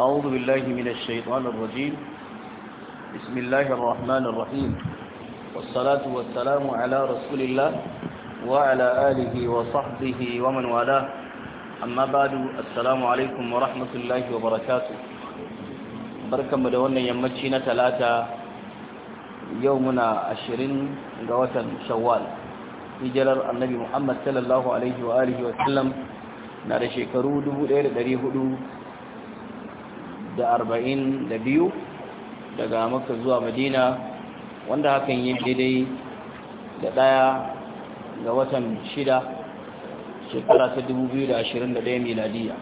أعوذ بالله من الشيطان الرجيم بسم الله الرحمن الرحيم والصلاة والسلام على رسول الله وعلى آله وصحبه ومن والاه أما بعد السلام عليكم ورحمة الله وبركاته بركم دون يمتشين ثلاثة يومنا عشرين قوة شوال hijirar annabi Muhammad sallallahu alaihi wa alihi wa sallam na da shekaru 1400 da arba'in da biyu daga maka zuwa madina wanda hakan yi daidai da ɗaya ga watan shida shekara ta dubu biyu da da ashirin 2021 miladiya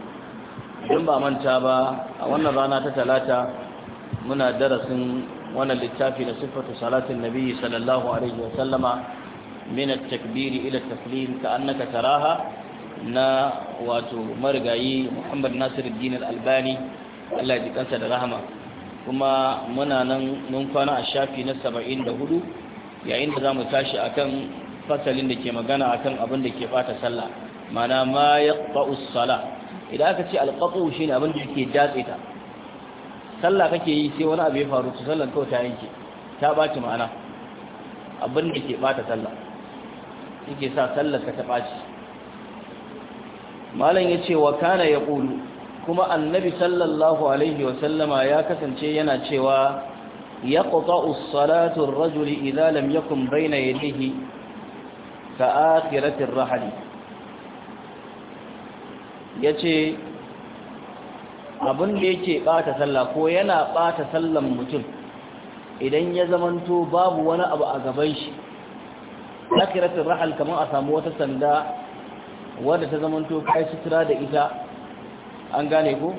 idan ba manta ba a wannan rana ta talata muna darasin wannan littafi na siffatu salatin nabi sallallahu alaihi min at-takbiri ila at-taslim ka annaka taraha na wato marigayi Muhammad Nasiruddin Al-Albani Allah ya ji kansa da rahama kuma muna nan mun kwana a shafi na saba'in da hudu yayin da za mu tashi a kan fasalin da ke magana a kan abin da ke bata sallah mana ma yaqta'u sala idan aka ce shi ne abin da ke datse ta sallah kake yi sai wani abu ya faru ta, sallan kawai ta yanke ta ɓaci ma'ana abin da ke bata sallah yake sa sallar ka ta ɓaci. malam yace wa kana yaqulu kuma annabi sallallahu alaihi wasallama ya kasance yana cewa ya ƙuta'u salatun rajuli idalam ya kumbaina ya dihi ta akiratin rahali ya ce abin da yake ɓata salla? ko yana ɓata sallan mutum idan ya zamanto babu wani abu a gaban shi akiratin rahal kamar a samu wata sanda wadda ta zamanto kai sutura da ita an gane ko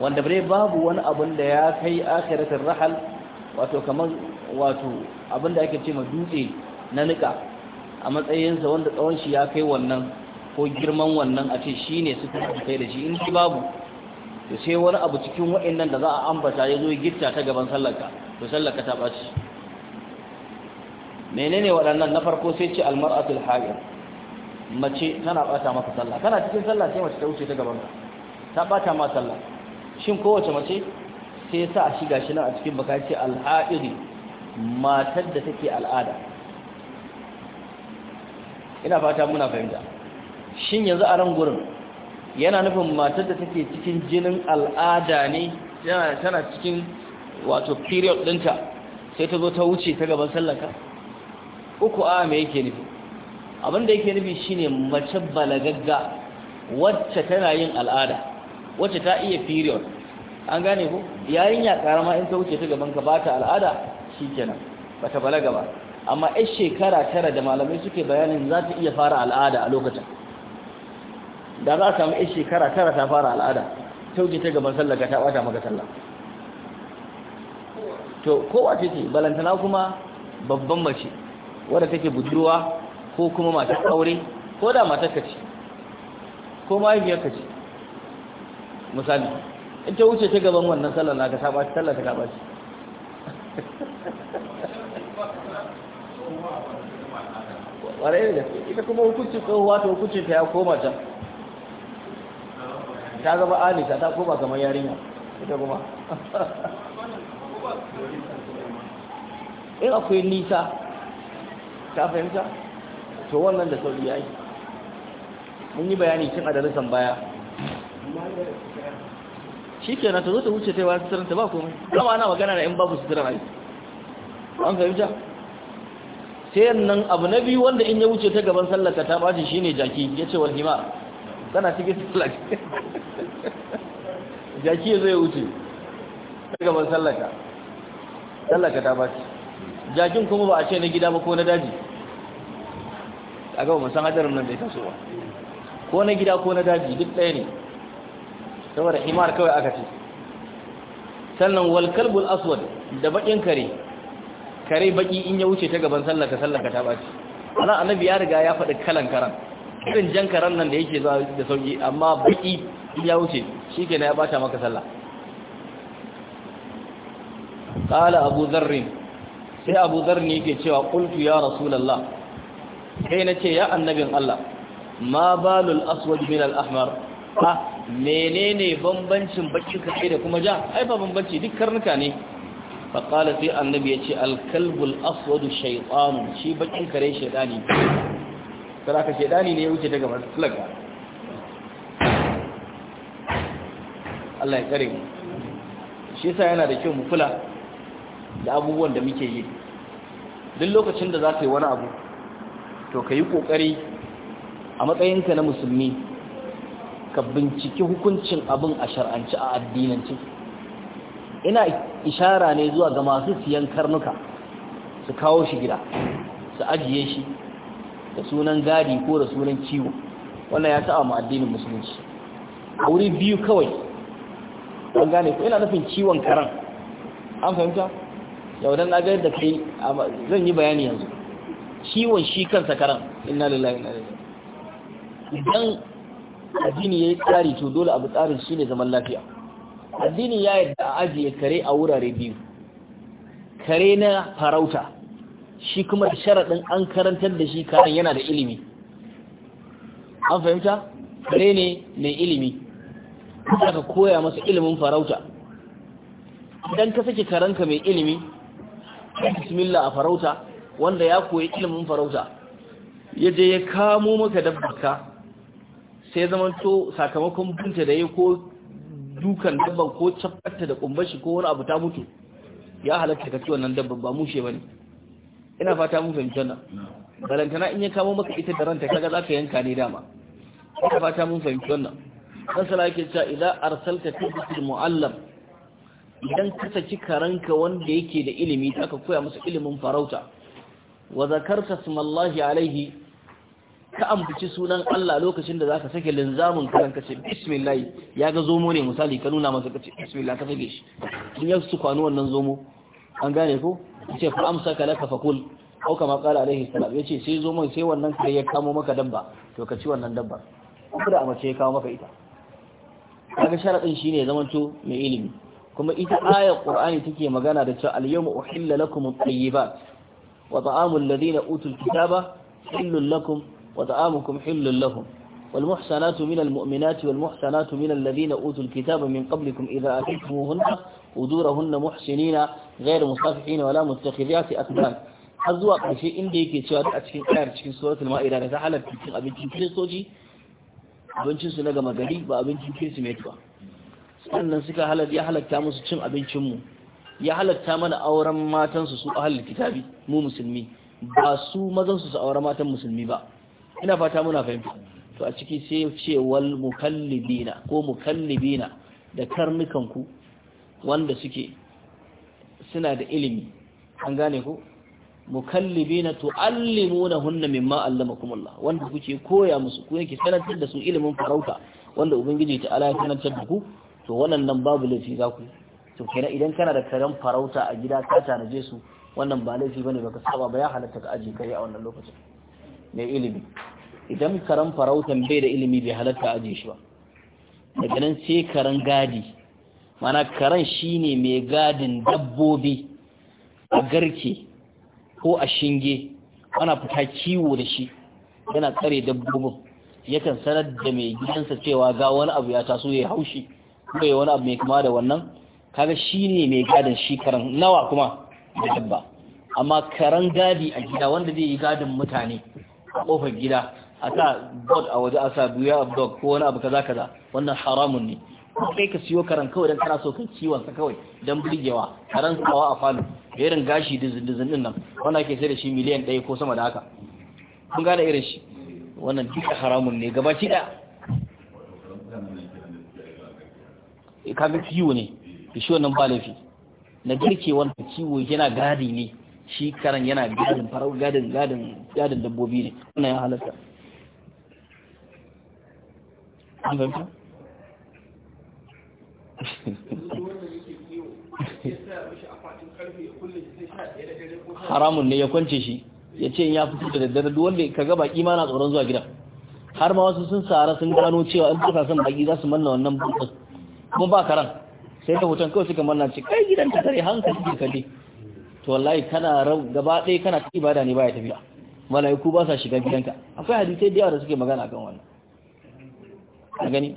wanda bare babu wani abin da ya kai akhiratul rahal wato kamar wato abin da ake ce ma dutse na nika a matsayinsa wanda tsawon shi ya kai wannan ko girman wannan a ce shi ne suka kai da shi in shi babu to sai wani abu cikin wa'annan da za a ambata ya zo gitta ta gaban sallarka to sallarka ta baci menene waɗannan na farko sai ce almar'atul hajar mace tana ɓata maka sallah kana cikin sallah sai mace ta wuce ta gaban ka ta bata ma sallah shin kowace mace sai ya sa a shiga shi nan a cikin baka ce al'a'iri matar da take al'ada ina fata muna fahimta shin yanzu a ran gurin yana nufin matar da take cikin jinin al'ada ne tana cikin wato period ɗinta sai ta zo ta wuce ta gaban sallaka uku a me yake nufi abinda yake nufi shine mace balagagga wacce tana yin al'ada wacce ta iya period an gane ko yarinya karama in ta wuce ta gaban ka ba ta al'ada shikenan ba ta balaga ba amma ai shekara tara da malamai suke bayanin za ta iya fara al'ada a lokacin da za a samu ai shekara tara ta fara al'ada ta wuce ta gaban sallah ka ta bata maka sallah to kowa ce ce balantana kuma babban mace wadda take budurwa ko kuma matar aure ko da matar ka ce ko mahaifiyar ka ce misali in ta wuce ta gaban wannan sallar na ka ta baci sallar ta baci ne da ita kuma hukunci tsohuwa ta hukunci ta ya koma can ta zama alisa ta koma kamar yarinya ita kuma in akwai nisa ta fahimta to wannan da sauri ya yi mun yi bayani cin adalisan baya shi ke na ta zo ta wuce ta yi wa suturanta ba komai kama ana magana na in babu suturan ai an fahimta sai yannan abu na biyu wanda in ya wuce ta gaban sallaka ta ɓaci ne jaki ya ce wal himar tana cikin sallaka jaki ya zai wuce ta gaban sallaka sallaka ta ɓaci jakin kuma ba a ce na gida ba ko na daji a gaba musan hadarin nan da ya ba. ko na gida ko na daji duk ɗaya ne saboda himar kawai aka ce sannan walkalbul aswad da bakin kare kare baki in ya wuce ta gaban sallaka sallaka ta baci ana annabi ya riga ya faɗi kalan karan irin jan karan nan da yake zuwa da sauki amma baki in ya wuce shikenan ya bata maka sallah qala abu sai abu ne yake cewa kultu ya rasulullah kai nace ya annabin Allah ma balul aswad min al ahmar ha menene bambancin baki kake da kuma ja ai ba bambanci duk karnuka ne fa qala sai annabi yace al kalbul aswadu shaytan shi bakin kare shedani sai ka shaytani ne ya wuce daga masallaka Allah ya kare shi yasa yana da kyau mu kula da abubuwan da muke yi duk lokacin da za ka yi wani abu to ka yi kokari a matsayinka na musulmi ka binciki hukuncin abin a shar'anci a addinancin, ina ishara ne zuwa ga masu siyan karnuka su kawo shi gida su ajiye shi da sunan gadi ko da sunan ciwo, wannan ya sa mu addinin musulunci a wuri biyu kawai an gane ko ina nufin ciwon karan an fahimta yau dan ga yadda kai zan yi bayani yanzu Ciwon shi kansa karan inna lillahi inna ilaihi idan addini yi tsari to dole abu tsarin shine zaman lafiya addini ya yadda a ajiye kare a wurare biyu kare na farauta shi kuma da sharaɗin an karantar da shi kayan yana da ilimi an fahimta kare ne mai ilimi aka koya masa ilimin farauta idan ka sake karanka mai ilimi bismillah a farauta wanda ya koyi ilimin farauta ya je ya kamo maka dabbarka sai to sakamakon bunta da ya ko dukan dabban ko cafarta da kumbashi ko wani abu ta mutu ya halatta ka ci wannan dabban ba mushe ba ne. ina fata mun fahimci wannan balantana in ya kawo maka ita da ranta kaga ka yanka ne dama ina fata mun fahimci wannan dan sala yake cewa idza arsalta tibtil muallim idan ka saki karanka wanda yake da ilimi aka koya masa ilimin farauta wa zakarta sumallahi alaihi ka ambaci sunan Allah lokacin da zaka sake linzamin kan ce bismillah ya ga zomo ne misali ka nuna masa kace ce bismillah ka sake shi in ya su kwano wannan zomo an gane ko ce fa ka laka fakul ko kama kala alaihi salam yace sai zomo sai wannan kai ya kamo maka dabba to ka ci wannan dabbar ko da amace ya kawo maka ita kaga sharadin shine zamanto mai ilimi kuma ita ayar qur'ani take magana da cewa al-yawma uhilla lakum at-tayyibat wa ta'amul ladina utul kitaba hillul lakum وطعامكم حل لهم والمحسنات من المؤمنات والمحسنات من الذين أوتوا الكتاب من قبلكم إذا أتيتموهن أدورهن محسنين غير مصافحين ولا متخذات أقدام har zuwa ƙarshe inda yake cewa a cikin ayar cikin suratul ma'ida da ta halatta cikin abincin kiristoci abincinsu na gama gari ba abincin kirsimeti ba sannan suka halatta ya halatta musu cin abincinmu ya halatta mana auren matansu su ahal kitabi mu musulmi ba su su auren matan musulmi ba ina fata muna fahimta to a ciki sai ce wal mukallibina ko mukallibina da karnukan ku wanda suke suna da ilimi an gane ku mukallibina hunna mimma allamakumullah wanda kuke koya musu ku yake sanantar da su ilimin farauta wanda ubangiji ta ala ya sanar da ku to wannan nan babu laifi za ku to kenan idan kana da karen farauta a gida ka tanaje su wannan ba laifi bane baka saba ba ya halatta ka aje kai a wannan lokacin mai ilimi idan karan farautan bai da ilimi bai halatta aje shi ba daga nan sai karan gadi mana karan shine mai gadin dabbobi a garke ko a shinge ana fita kiwo da shi yana tsare dabbobin yakan sanar da mai gidansa cewa ga wani abu ya taso ya haushi ko ya wani abu mai kama da wannan kaga shine mai gadin shi karan nawa kuma da dabba amma karan gadi a gida wanda zai yi gadin mutane a kofar gida a sa a waje a sa buya of dog ko wani abu kaza kaza wannan haramun ne ko kai ka siyo karan kawai dan kana so kai kiwon sa kawai dan burgewa karan sawa a falo irin gashi dizin dizin din nan wanda ake sai da shi miliyan 1 ko sama da haka kun gane irin shi wannan duka haramun ne gabaci da miki eh, kiwo ne shi wannan ba laifi na girke wannan kiwo yana gadi ne shi karan yana gadin farau gadin gadin gadin dabbobi ne wannan ya halatta zanta? haramun ne ya kwance shi ya ce ya fito da daddare duk wanda ka ga baki ma na tsoron zuwa gida har ma wasu sun tsara sun gano cewa in kuka san baki za su manna wannan bukin kuma ba karan sai da hoton kawai suka manna ce kai gidan ta tare hankali ke kalle to wallahi kana rau gaba ɗaya kana ibada ne baya tafiya mala'iku ba sa shiga gidanka akwai hadisai da yawa da suke magana kan wannan a gani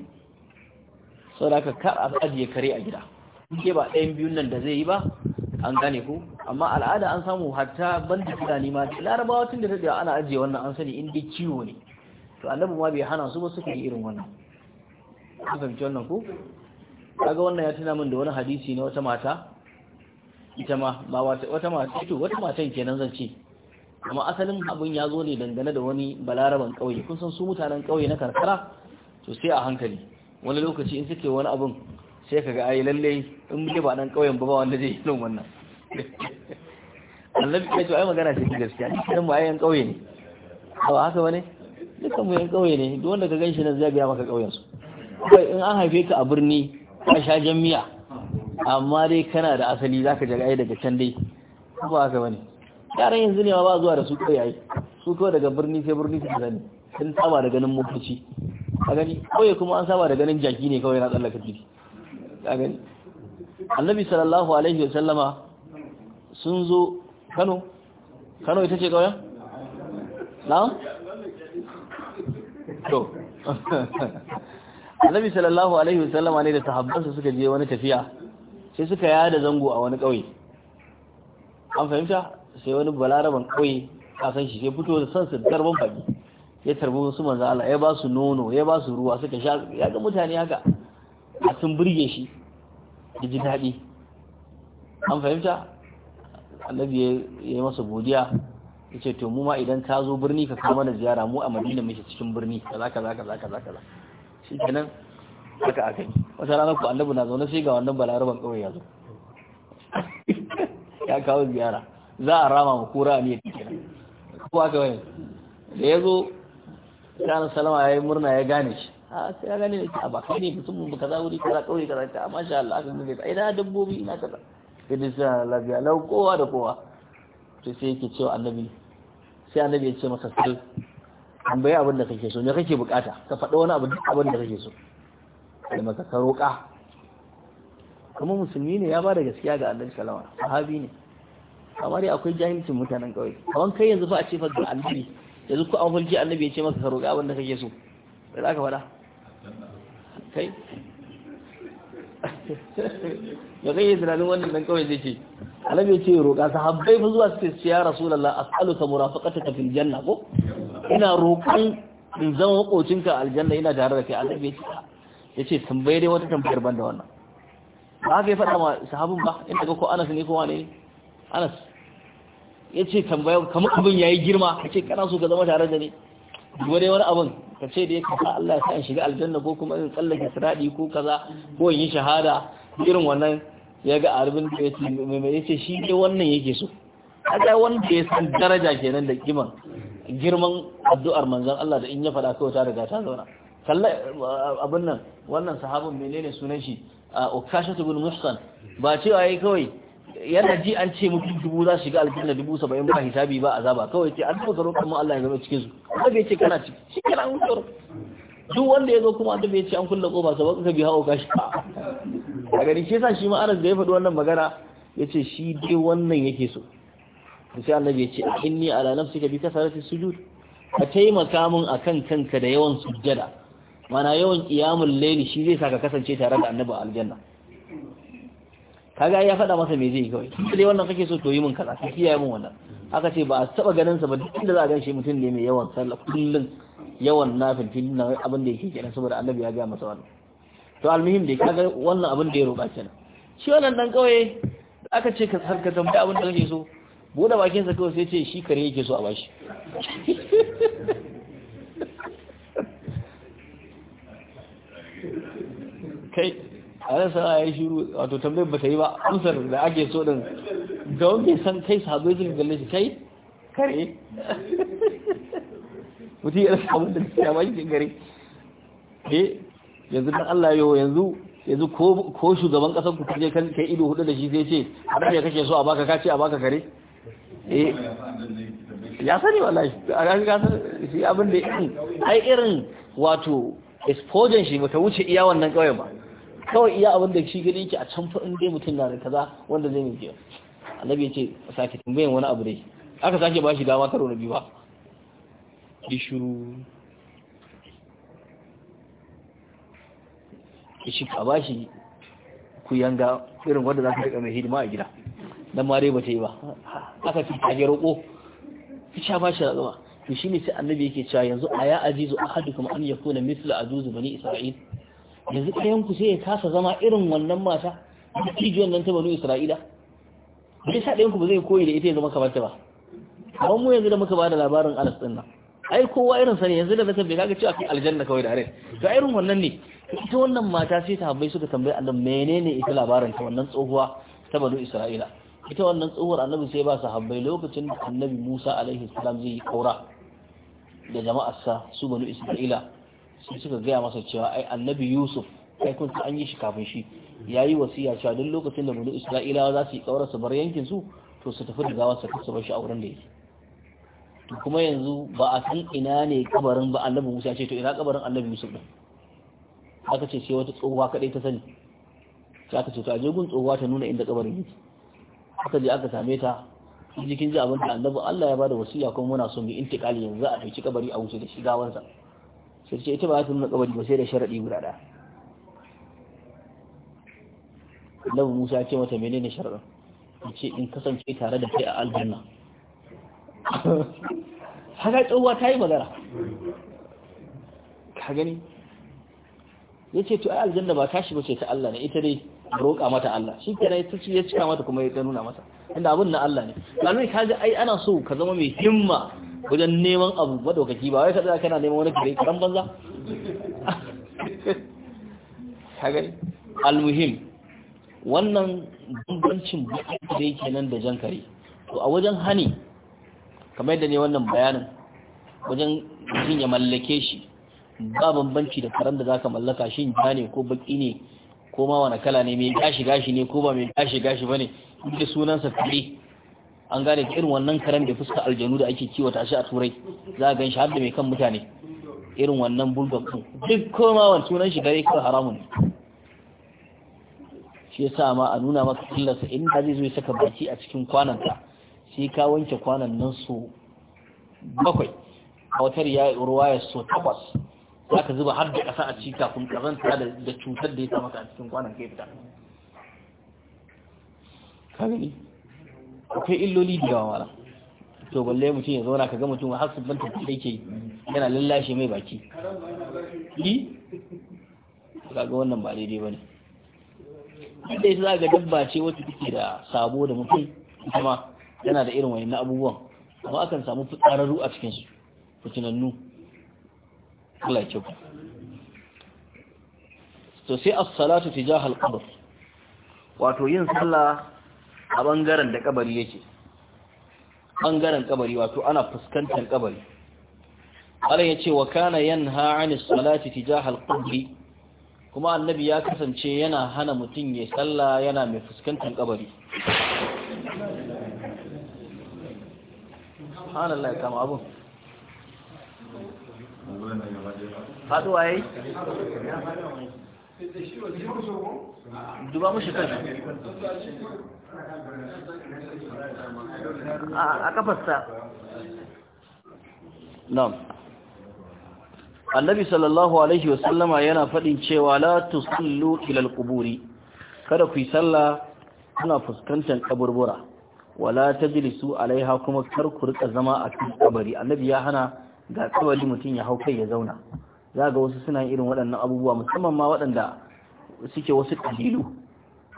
sau da aka a ajiye kare a gida ke ba ɗayan biyun nan da zai yi ba an gane ku amma al'ada an samu hatta banda fulani ma larabawa tun da ta ana ajiye wannan an sani in ciwo ne to annabi ma bai hana su ba suka yi irin wannan an fahimci wannan ku kaga wannan ya tuna min da wani hadisi na wata mata ita ma ba wata mata ito eh wata matan kenan zan ce amma asalin abin ya zo ne dangane da wani balaraban ƙauye kun san su mutanen ƙauye na karkara to sai a hankali wani lokaci in suke wani abin sai ka ga ayi lalle in muke ba dan kauyen ba ba wanda zai yi wannan annabi ya ce ai magana ce ta gaskiya dukkan mu ayan kauye ne to haka bane dukkan mu yan kauye ne duk wanda ka ganshi nan zai ga maka kauyen su kai in an haife ka a birni ka sha jami'a amma dai kana da asali zaka jaga ai daga can dai ba haka bane yaran yanzu ne ma ba zuwa da su kauye ai su kawai daga birni sai birni su sani sun saba da ganin motoci a gani kawai kuma an saba da ganin jaki ne kawai na tsallaka titi a gani annabi sallallahu alaihi wa sallama sun zo kano kano ita ce kawai na? to annabi sallallahu alaihi wa sallama ne da sahabbansa suka je wani tafiya sai suka yada zango a wani kawai an fahimta sai wani balaraban kauye kasan shi sai fito da son su darban baki ya tarbi wasu manzo Allah ya ba su nono ya ba su ruwa suka sha ya ga mutane haka a sun burge shi da ji daɗi an fahimta annabi ya yi masa godiya ya ce to mu ma idan ka zo birni ka kama da ziyara mu a madina muke cikin birni kaza kaza kaza kaza kaza shi kenan haka aka yi wata rana ku annabi na zaune sai ga wannan balaraban kawai ya zo ya kawo ziyara za a rama ma kura a ya kenan ko aka wani da ya zo kana salama ya yi murna ya gane shi a sai ya gane shi a ba kai ne mutum ba kaza wuri kaza kauye kaza ta masha Allah aka gane ai da dabbobi ina kaza sai dai sai lafiya lau kowa da kowa to sai yake cewa annabi sai annabi ya ce masa sai an bai abin da kake so me kake bukata ka faɗa wani abu duk abin da kake so da maka ka roƙa kuma musulmi ne ya bada gaskiya ga annabi sallallahu alaihi wasallam sahabi ne kamar dai akwai jahilcin mutanen kauye kawan kai yanzu fa a ce fa ga annabi yanzu ko an hulki annabi ya ce masa ka roƙi abin da kake so da za ka fada kai ya kai yi tunanin wannan nan kawai zai ce annabi ya ce roƙa habbai fi zuwa suke ce ya mura as'aluka murafaqataka fil janna ko ina roƙon in zama makocinka aljanna ina tare da kai annabi ya ce ya ce tambaye dai wata tambayar ban da wannan ba haka ya faɗa ma sahabin ba ina ga ko anas ne ko wane anas ya ce tambaya kamar abin ya yi girma ka ce kana so ka zama tare da ni duba dai wani abin ka ce da ya kasa Allah sa in shiga aljanna ko kuma in tsallake siradi ko kaza ko in yi shahada irin wannan ya ga arbin da ya ce mai ya ce shi ne wannan yake so a haka wanda ya san daraja kenan da kiman girman addu'ar manzon Allah da in ya faɗa kawai ta riga ta zauna kalla abin nan wannan sahabin menene sunan shi ah, ukashatu bin muhsan ba cewa yayi kawai yana ji an ce mutum dubu za shiga aljanna dubu saba'in ba hisabi ba azaba kawai ce an taɓa roƙon mu Allah ya zama cikin su kuma ya ce kana ciki shi kana an duk wanda ya zo kuma annabi ya ce an kulle ƙofa saboda kuka bi hawa gashi a gani shi yasa shi ma Anas da ya faɗi wannan magana ya ce shi dai wannan yake so sai annabi ya ce inni ala ka bi kasarati sujud ka taimaka min akan kanka da yawan sujjada mana yawan qiyamul layli shi zai saka kasance tare da annabi aljanna kaga ya faɗa masa me zai kawai sai wannan kake so to yi min kaza sai kiyaye min wannan aka ce ba a taba ganin sa ba duk inda za a ganshi mutum ne mai yawan sallah kullun yawan nafil filin nan abin da yake kenan saboda annabi ya ga masa wannan to almuhim dai kaga wannan abin da ya roƙa kenan shi wannan dan kauye aka ce ka har ka tambaya abin da kake so bude bakin sa kawai sai ce shi kare yake so a bashi kai a sana ya shiru wato tambayar ba ta yi ba amsar da ake so din ga wanda san kai sabo suka galle shi kai kare mutum ya rasa abin da ya bashi shi gare ke yanzu dan Allah yau yanzu yanzu ko shugaban kasar ku kaje kan kai ido hudu da shi sai ce a ya kake so a baka kace a baka kare eh, ya sani wallahi a ga shi abin da ai irin wato exposure shi ba ta wuce iya wannan kawai ba kawai iya abin da shi gani yake a can fa'in dai mutum na da kaza wanda zai miƙe annabi ya ce sake tambayan wani abu dai aka sake ba shi dama karo na biyu ba yi shiru shi ka ba shi ku yanga irin wanda za ka riƙa mai hidima a gida don ma dai ba ta yi ba aka fi tage roƙo ki sha ba shi zama. to ne sai annabi yake cewa yanzu a ya azizu kuma an misli a zuzu bani isra'il yanzu ɗayan ku sai ya kasa zama irin wannan mata da kijiyar nan ta banu isra'ila bai sa ɗayan ku ba zai koyi da ita ya zama kamar ta ba amma mu yanzu da muka ba da labarin alas ɗin nan ai kowa irin sa ne yanzu da na tambaye kaga cewa kai aljanna kawai da rai to irin wannan ne ita wannan mata sai ta habbai suka tambaye Allah menene ita labarin ta wannan tsohuwa ta banu isra'ila ita wannan tsohuwar annabi sai ba su habbai lokacin da annabi Musa alaihi salam zai yi kaura da jama'arsa su banu isra'ila sai suka gaya masa cewa ai annabi yusuf kai kun an yi shi kafin shi ya yi wasiya cewa duk lokacin da bulu isra'ilawa za su yi kaura su bar yankin su to su tafi da gawar su kasu shi a wurin da yake to kuma yanzu ba a san ina ne kabarin ba annabi musa ce to ina kabarin annabi yusuf din aka ce sai wata tsohuwa kadai ta sani sai aka ce to a je gun tsohuwa ta nuna inda kabarin yake aka je aka same ta jikin ji abin da annabi Allah ya bada wasiya kuma muna son mu intikali yanzu a dauki kabari a wuce da shi gawansa sai ce ita ba za ta nuna kabari ba sai da sharaɗi guda ɗaya Labu Musa ya ce mata menene sharaɗin ya ce in kasance tare da kai a aljanna haka tsohuwa ta yi magana ka gani ya ce to a aljanna ba tashi ba ce ta Allah ne ita dai roƙa mata Allah shi kenan ita ce ya cika mata kuma ya nuna mata inda abin na Allah ne lalai ka ga ai ana so ka zama mai himma wajen neman abu madaukaki ba wai ka kana neman wani kare karan banza kagari almuhim wannan bambancin bakin da yake nan da jan kare to a wajen hani kamar yadda ne wannan bayanin wajen jin ya mallake shi ba bambanci da karan da zaka mallaka shi ja ne ko baki ne ko ma wani kala ne mai gashi gashi ne ko ba mai gashi gashi bane inda sunansa kare an gane ka irin wannan karen da fuska aljanu da ake kiwata shi a turai za a gan shi har da mai kan mutane irin wannan bulldog din duk komawan sunan shi gare kawai haramun shi ya sa ma a nuna maka killarsa in ka zai zo saka baki a cikin ka, sai ka wanke kwanan nan su bakwai a wata ruwa ya so takwas za ka zuba har da ƙasa a ciki kafin ƙazanta da cutar da ya sa maka a cikin kwanan ka ya fita akwai illoli da yawa mara to balle mutum ya zauna ga mutum har su banta da yake yana lallashe mai baki yi kaga wannan ba daidai bane wanda yasa za ga dabba ce wacce take da sabo da mutum kuma yana da irin wani abubuwan amma akan samu fitararru a cikin su fitinannu Allah ya kyauta to sai as-salatu tijahal qabr wato yin sallah a bangaren da kabari yake bangaren kabari wato ana fuskantar kabari Allah yace wa kana yanha 'anis salati tijaha al kuma annabi ya kasance yana hana mutum ya sallah yana mai fuskantar kabari ya kama abun faduwa yayi duba mashi kan a kafarsa annabi sallallahu alaihi wasallama yana faɗin cewa la tusallu ila quburi kada ku yi sallah kuna fuskantar kaburbura wala tajlisu alaiha kuma kar ku rika zama a cikin kabari annabi ya hana ga kabari mutum ya hau kai ya zauna zaga wasu suna irin waɗannan abubuwa musamman ma waɗanda suke wasu kalilu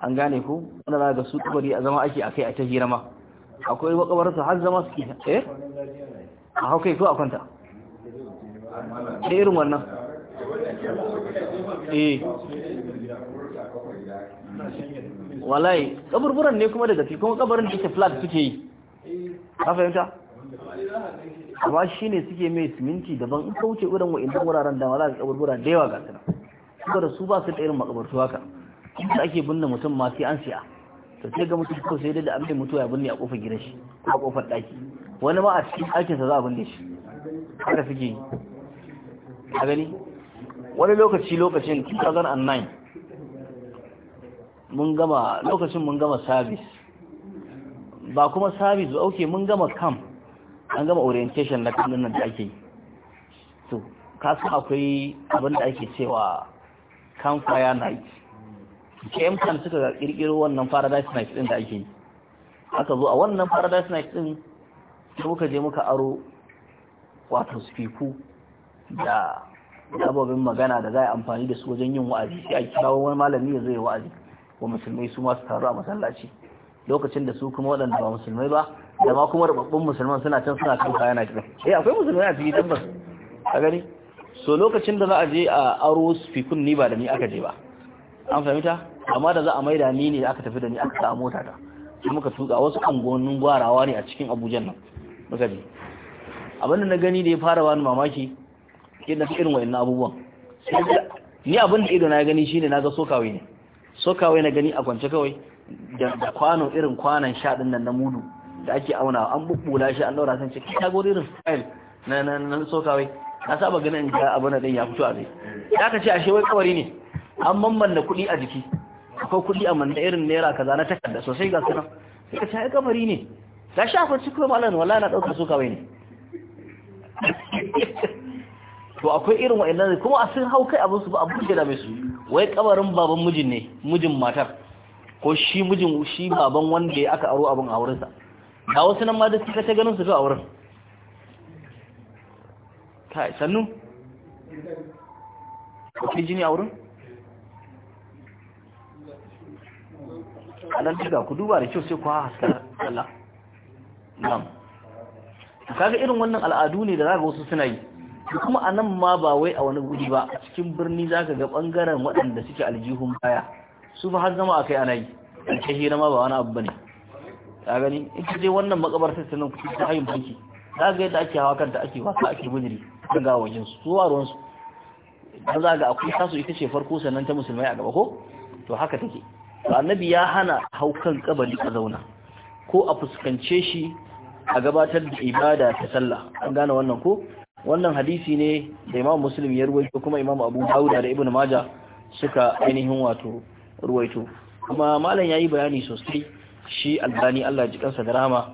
an gane ku wanda za ga su kabari a zama ake akai a ta hira ma akwai makabarar su har zama suke eh a haukai ko a kwanta da irin wannan eh wallahi kaburburan ne kuma daga cikin kuma kabarin da yake flat suke yi ka fahimta amma shi ne suke mai siminti daban in ka wuce irin wa'in wuraren da wala za kaburbura da yawa ga su su ba su da irin makabartu haka inda ake binne mutum ma sai an siya to sai ga mutum ko sai da an bai mutuwa ya binne a kofar gidan shi ko a kofar daki wani ma a cikin ɗakin sa za a binne shi haka suke yi a gani wani lokaci lokacin 2009 mun gama lokacin mun gama service ba kuma service ba ok mun gama camp an gama orientation na kan nan da ake yi to kasu akwai abin da ake cewa campfire night kemkan suka kirkiro wannan paradise night din da ake yi aka zo a wannan paradise night din sai muka je muka aro wato spiku da dabobin magana da za a amfani da su wajen yin wa'azi sai a kirawo wani malami ya zo ya wa'azi wa musulmai su masu taru a masallaci lokacin da su kuma waɗanda ba musulmai ba da ma kuma rubabbun musulman suna can suna kan kayan kiɗan eh akwai musulmai a cikin tabbas a gani so lokacin da za a je a aro spikun ni ba da ni aka je ba an fahimta amma da za a maida ni ne aka tafi da ni aka sa mota ta sai muka tuka wasu kangonin gwarawa ne a cikin abuja nan misali abin abinda na gani da ya fara bani mamaki yadda fi irin wa'annan abubuwan ni abin da ido na gani shine na ga sokawai ne sokawai na gani a kwance kawai da kwano irin kwanan sha din nan na mudu da ake auna an bubbula shi an daura san ciki ta gode irin style na na na sokawai na saba ganin ga abin da ya fito a zai ya ka ce ashe wai kawari ne an da kuɗi a jiki akwai kuɗi a manna irin naira kaza na takarda sosai ga suna sai ka ce kamari ne da shafa cikin malam wala na ɗauka su kawai ne to akwai irin wa'annan kuma a sun hau kai abin su ba abin da mai su wai kabarin baban mijin ne mijin matar ko shi mijin shi baban wanda ya aka aro abin a wurinsa da wasu nan ma duk suka ta ganin su ga a wurin kai sannu ko jini a wurin a nan diga ku duba da kyau sai ku haskar Allah nam kaga irin wannan al'adu ne da zaka wasu suna yi kuma a nan ma ba wai a wani guri ba a cikin birni zaka ga bangaren waɗanda suke aljihun baya su fa har zama akai ana yi hira ma ba wani abu bane ka gani in ka je wannan makabartar ta nan ku ta hayin banki zaka ga yadda ake hawa kanta ake wasa ake bujiri kan gawawakin su su waruwan su dan za ga akwai tasu ita ce farko sannan ta musulmai a gaba ko to haka take annabi ya hana haukan kabari a zauna ko a fuskance shi a gabatar da ibada ta sallah an gane wannan ko wannan hadisi ne da imam muslim ya ruwaito kuma imam abu dauda da ibnu majah suka ainihin wato ruwaito kuma malam yayi bayani sosai shi albani Allah ji kansa da rahama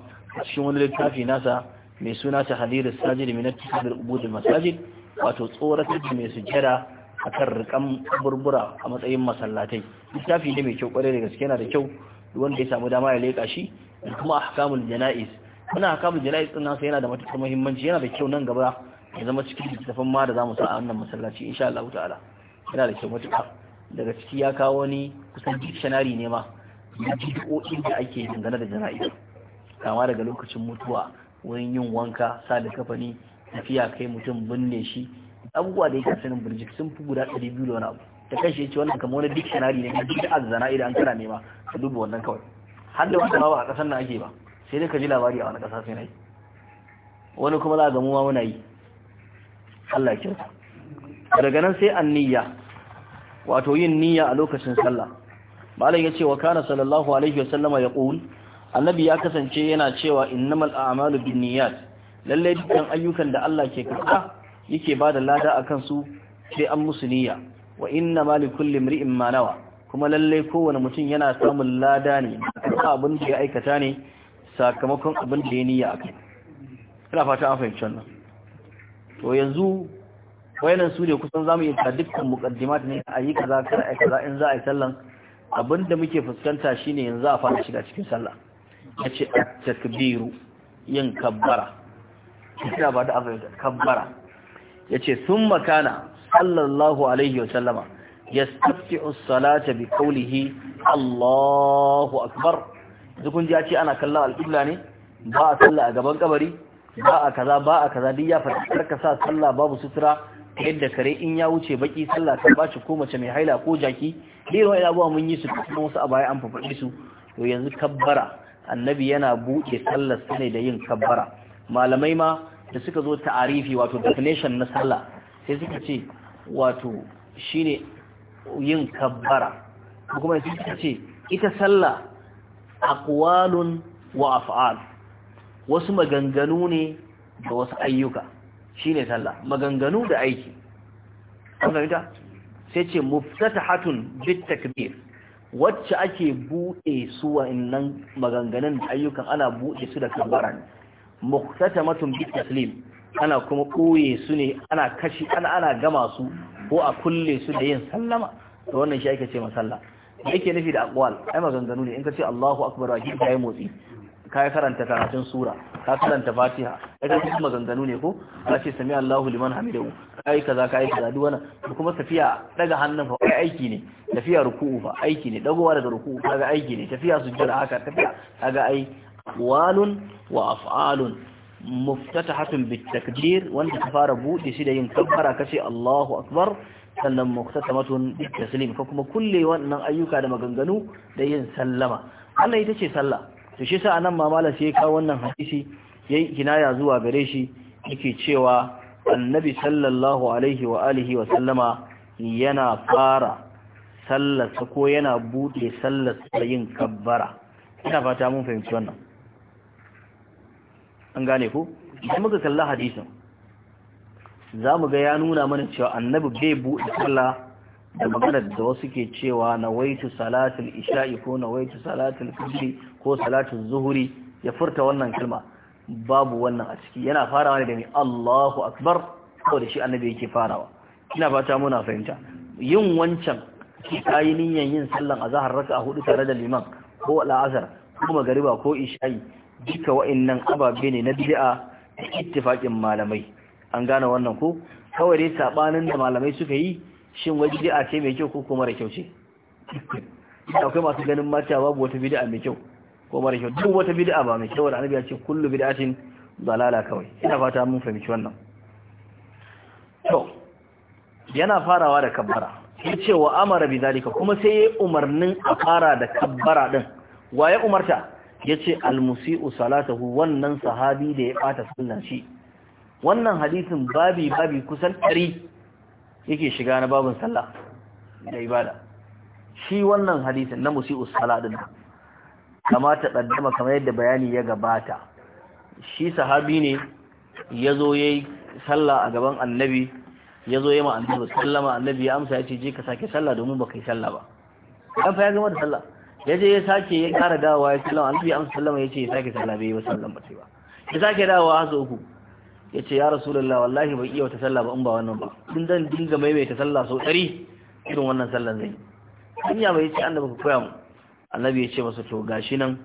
cikin wani littafi nasa mai suna ta as-sajid min at-tahdir ubud al-masajid wato tsoratar da mai sujjada a kan rikan burbura a matsayin masallatai littafi ne mai kyau kwarai da gaske yana da kyau wanda ya samu dama ya leka shi da kuma ahkamul janaiz wannan ahkamul janaiz din nasa yana da matuƙar muhimmanci yana da kyau nan gaba ya zama cikin littafin ma da zamu sa a wannan masallaci insha Allah ta'ala yana da kyau matuƙa daga ciki ya kawo ni kusan dictionary ne ma na bid'o'in da ake dangane da jana'iz. kama daga lokacin mutuwa wurin yin wanka sa da kafani tafiya kai mutum binne shi abubuwa da yake sanin burjik sun fi guda 200 da wani abu ta kashe ya ce wannan kamar wani dictionary ne duk da azzana idan an kana nema ka duba wannan kawai har da wata ba a kasar nan ake ba sai dai ka ji labari a wani kasa sai na yi. wani kuma za ga mu ma muna yi Allah ya kyauta daga nan sai an niyya wato yin niyya a lokacin sallah malam ce wa kana sallallahu alaihi wa Sallama ya yaqul annabi ya kasance yana cewa innamal a'malu binniyat lalle dukkan ayyukan da Allah ke karɓa yake ba da lada a kansu sai an musu niyya wa inna ma li kulli imri'in ma nawa kuma lalle kowane mutum yana samun lada ne ba abin da ya aikata ne sakamakon abin da ya niyya akai ina fata an fahimci wannan to yanzu wayanan su ne kusan zamu yi ta dukkan muqaddimat ne a yi kaza kar a kaza in za a yi sallan abin da muke fuskanta shine yanzu a fara shiga cikin sallah yace takbiru yin kabbara ina ba da kabbara yace sun makana. sallallahu alaihi wa sallama yastafti'u as-salata bi qawlihi Allahu akbar dukun ya ce ana kallon al ne ba a sallah a gaban kabari ba a kaza ba a kaza duk ya fara ka sa sallah babu sutura yadda kare in ya wuce baki sallah ta baci ko mace mai haila ko jaki dai wani abuwa mun yi su kuma wasu a baya an fafaɗe su to yanzu kabbara annabi yana buɗe sallar sa ne da yin kabbara malamai ma da suka zo ta'arifi wato definition na sallah sai suka ce wato shine yin kabbara kuma suka ce ita sallah aqwalun wa af'al wasu maganganu ne da wasu ayyuka shine sallah maganganu da aiki an ita sai ce muftatahatun bit takbir wacce ake buɗe su wa'annan maganganun da ayyukan ana buɗe su da kabbara ne muktatamatun bi taslim ana kuma koye su ne ana kashi ana ana gama su ko a kulle su da yin sallama to wannan shi ake ce masalla da yake nufi da aqwal ai maganganu ne in ka ce Allahu akbar wa kin kai motsi ka karanta karatun sura ka karanta fatiha ai ka kuma maganganu ne ko ka ce sami Allahu liman hamidahu kai kaza ka kaza duk wannan kuma tafiya daga hannun fa ai aiki ne tafiya ruku'u fa aiki ne dagowa daga ruku'u kaga aiki ne tafiya sujjada haka tafiya kaga ai wa أقوال وأفعال مفتتحة بالتكبير وانت كفار بودي سيدا ينكبر كسي "Allahu أكبر sannan muktasamatun taslim ko kuma kulle wannan ayyuka da maganganu da yin sallama Allah ita ce sallah to shi sa anan mamala sai ka wannan hadisi yayi kinaya zuwa gare shi yake cewa annabi sallallahu alaihi wa alihi wa sallama yana fara sallarsa ko yana bude sallarsa yin kabbara ina fata mun fahimci wannan an gane ko idan muka kalla hadisin za mu ga ya nuna mana cewa annabi bai buɗe kalla da maganar da wasu ke cewa na waitu salatul isha'i ko na waitu salatul fajri ko salatul zuhuri ya furta wannan kalma babu wannan a ciki yana farawa ne da mai Allahu akbar ko da shi annabi yake farawa ina fata muna fahimta yin wancan ki kayi niyyar yin sallan azhar raka'a hudu tare da liman ko al'azhar ko magariba ko isha'i duka wa'annan ababe ne na bid'a da ittifaqin malamai an gane wannan ko kawai dai sabanin da malamai suka yi shin wai bid'a ce mai kyau ko kuma mara kyau ce akwai masu ganin mata babu wata bid'a mai kyau ko mara kyau duk wata bid'a ba mai kyau da annabi ya ce kullu bid'atin dalala kawai ina fata mun fahimci wannan to yana farawa da kabbara ya ce wa amara bi zalika kuma sai ya umarnin a fara da kabbara din waye umarta Ya ce almusi'u salatahu wannan sahabi da ya bata sallar shi wannan hadisin babi babi kusan ɗari yake shiga na babin sallah da ibada shi wannan hadisin na musi'u salatin kama ta daddama kamar yadda bayani ya gabata shi sahabi ne ya zo ya yi sallah a gaban annabi ya yayi ma annabi sallama annabi ya amsa ce je ka sake sallah domin baka yi sallah ba Ɗan fa ya gama da sallah ya je ya sake ya ƙara dawowa ya sallama annabi amsa sallama ya ce ya sake sallah bai yi sallan ba sai ba ya sake dawowa har uku ya ce ya rasulullah wallahi bai iya wata sallah ba in ba wannan ba in zan dinga maimaita sallah sau ɗari irin wannan sallan zai hanya bai ce annabi ka koya mu annabi ya ce masa to gashi nan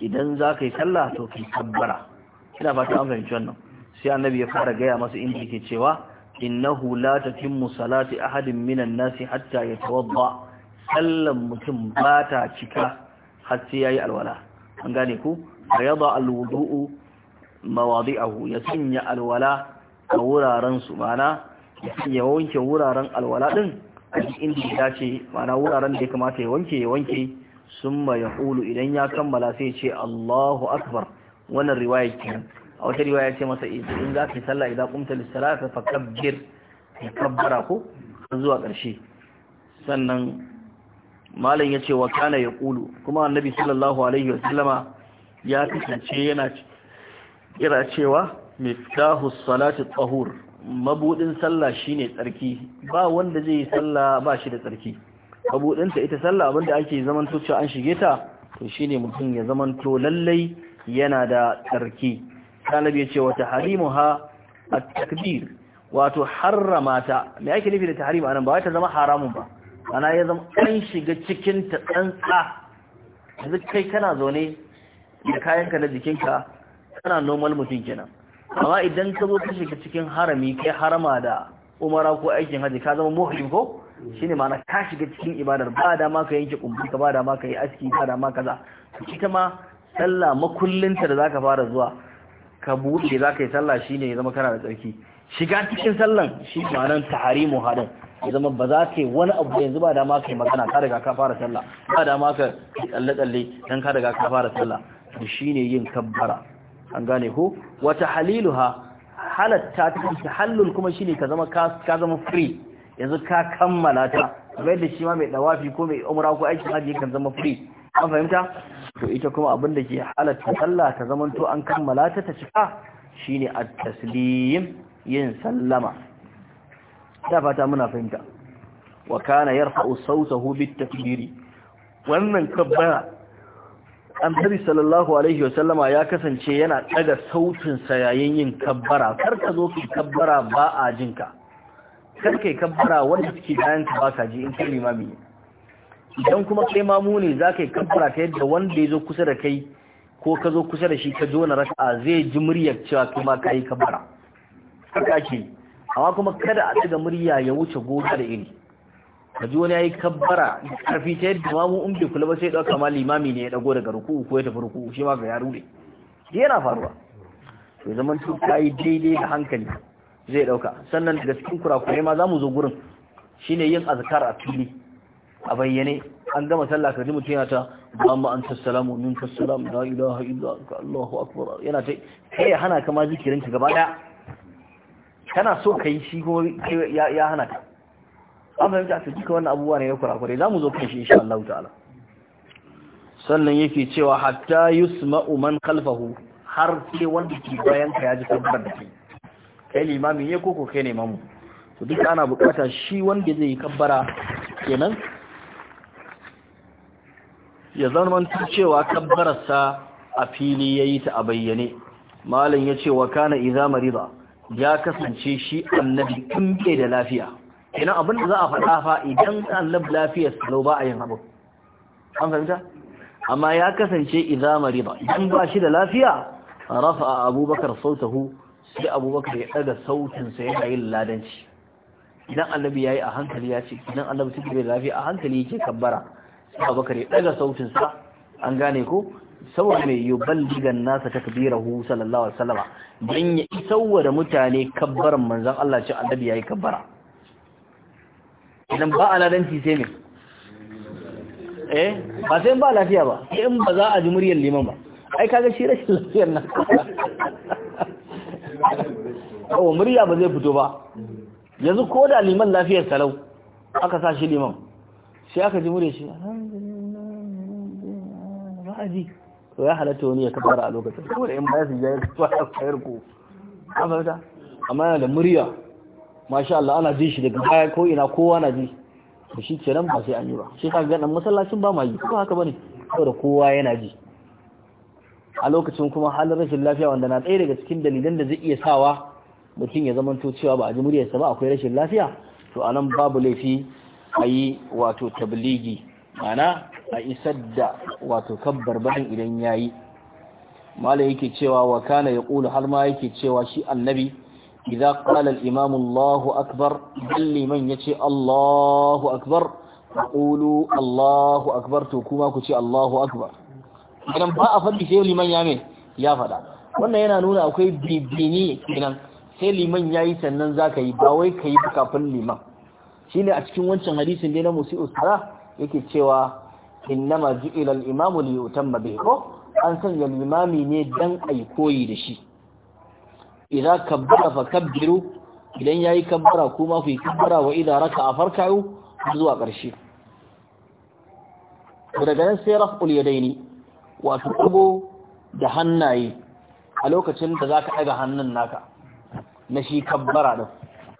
idan za ka yi sallah to ki tabbara, ina fata an fahimci wannan sai annabi ya fara gaya masa inda yake cewa innahu la tatimmu salati ahadin minan nasi hatta yatawadda sallan mutum ba ta cika har sai yayi alwala an gane ku yada alwudu'u mawadi'ahu ya sanya alwala a wuraren su mana ya wanke wuraren alwala din a inda ya dace mana wuraren da ya kamata ya wanke ya wanke summa yaqulu idan ya kammala sai ce Allahu akbar wannan riwaya kenan a wata riwaya ce masa in za ka sallah idan kumta lissalata fa kabbir ka kabbara ko zuwa ƙarshe sannan malam yace wa kana kulu kuma annabi sallallahu alaihi wasallama ya kasance yana kira cewa miftahu salati tahur mabudin sallah shine tsarki ba wanda zai yi sallah ba shi da tsarki mabudin ta ita sallah abinda ake zaman to an shige ta to shine mutum ya zaman to lallai yana da tsarki sanabi yace wa tahrimuha at-takbir wato harramata me ake nufi da tahrim anan ba wai ta zama haramun ba ana ya zama an shiga cikin ta tsantsa yanzu kai kana zaune da kayanka na jikinka kana normal mutum kenan amma idan ka zo ka shiga cikin harami kai harama da umara ko aikin haji ka zama muhrim ko shine ma'ana ka shiga cikin ibadar ba da ma ka yanke kumbi ka ba da ma ka yi aski ba da ma kaza ita ma sallah makullinta da zaka fara zuwa ka buɗe zaka yi sallah shine ya zama kana da tsarki shiga cikin sallan shi ma'anar taharimu Haɗin. ya zama ba za ka yi wani abu yanzu ba dama ka yi magana ka daga ka fara sallah ba dama ka tsalle tsalle dan ka daga ka fara sallah to shine yin kabbara an gane ko halilu ha, halatta ta hallul kuma shine ka zama ka zama free yanzu ka kammala ta kamar yadda shi ma mai dawafi ko mai umra ko aikin haji kan zama free an fahimta to ita kuma abin da ke halatta sallah ta zamanto an kammala ta ta cika shine at-taslim yin sallama ta fata muna fahimta wa kana yarfa'u sautahu bitakbiri wannan kabbara annabi sallallahu alaihi wasallama ya kasance yana daga sautin sa yayin yin kabbara kar ka zo ki kabbara ba a jinka kar kai kabbara wanda kike bayan ka baka ji in kai limami idan kuma kai mamu ne za ka yi kabbara ta yadda wanda ya zo kusa da kai ko ka zo kusa da shi ka zo na raka'a zai ji muryar cewa kai ka yi kabbara haka ake amma kuma kada a daga murya ya wuce goma da iri ka ji wani yi kabbara karfi ta yadda ma in bai kula ba sai dauka ma limami ne ya dago daga ruku'u ko ya tafi ruku'u shi ma ga ya rude yana faruwa to zaman tun yi daidai da hankali zai ɗauka sannan daga cikin kurakurai ma za mu zo gurin shine yin azkar a fili a bayyane an gama sallah ka ji mutum yana ta mu an tassalamu min tassalam la ilaha illa allahu akbar yana ta kai hana kama zikirin ka gaba ɗaya. kana so ka yi shi kuma ya hana ka an fahimta su duka wannan abubuwa ne ya kurakure za mu zo kan shi insha Allah ta'ala sannan yake cewa hatta yusma'u man khalfahu har sai wanda ke bayan ka ya ji tabbar da kai kai limamin ya koko kai ne mamu to duk ana bukata shi wanda zai yi kabbara kenan ya zama cewa kabbararsa a fili yayi ta a bayyane malam ya ce wa kana idza marida ya kasance shi annabi in bai da lafiya ina abin da za a faɗa fa idan annabi lafiyar salo ba a yin abu an fahimta amma ya kasance idan mariba idan ba shi da lafiya rafa abubakar sautahu sai abubakar ya daga sautinsa yana yin ladanci idan annabi yayi a hankali ya ce idan annabi take da lafiya a hankali yake kabbara sai abubakar ya daga sautinsa an gane ko saboda mai yuballigan nasa takbirahu sallallahu alaihi wasallama don ya isawwa da mutane kabbaran manzan Allah ce annabi yi kabbara idan ba ladanci sai ne eh ba sai ba lafiya ba in ba za a ji muryar liman ba ai kaga shi rashin lafiyar nan oh murya ba zai fito ba yanzu ko da liman lafiyar talau aka sa shi liman sai aka ji muryar shi alhamdulillah ba a ji to ya halatta wani ya kabara a lokacin da in ba su jayi ba a sayar ku an amma yana da murya masha Allah ana ji shi daga baya ko ina kowa na ji to shi nan ba sai an yi ba shi ka ga masallacin ba ma yi kuma haka bane saboda kowa yana ji a lokacin kuma halin rashin lafiya wanda na ɗaya daga cikin dalilan da zai iya sawa mutum ya zama to cewa ba a ji muryarsa ba akwai rashin lafiya to anan babu laifi a yi wato tabligi ma'ana a isar da wato kabbar bayan idan yayi mala yake cewa wa kana yaqulu har ma yake cewa shi annabi idza qala al imam Allahu akbar dalli man ce Allahu akbar qulu Allahu akbar to kuma ku ce Allahu akbar ba a faɗi sai liman ya me ya faɗa wannan yana nuna akwai bibini kenan sai liman yayi sannan zaka yi ba wai yi kafin liman ne a cikin wancan hadisin ne na musi yake cewa innama ju'ila al Imam li yutamma bihi ko an sanya limami ne dan ai koyi da shi idza kabbara fa kabbiru idan yayi kabbara kuma ku yi kabbara wa idza raka'a farka'u zuwa ƙarshe daga nan sai raf'ul yadaini wato tuqbu da hannaye a lokacin da zaka daga hannun naka na shi kabbara din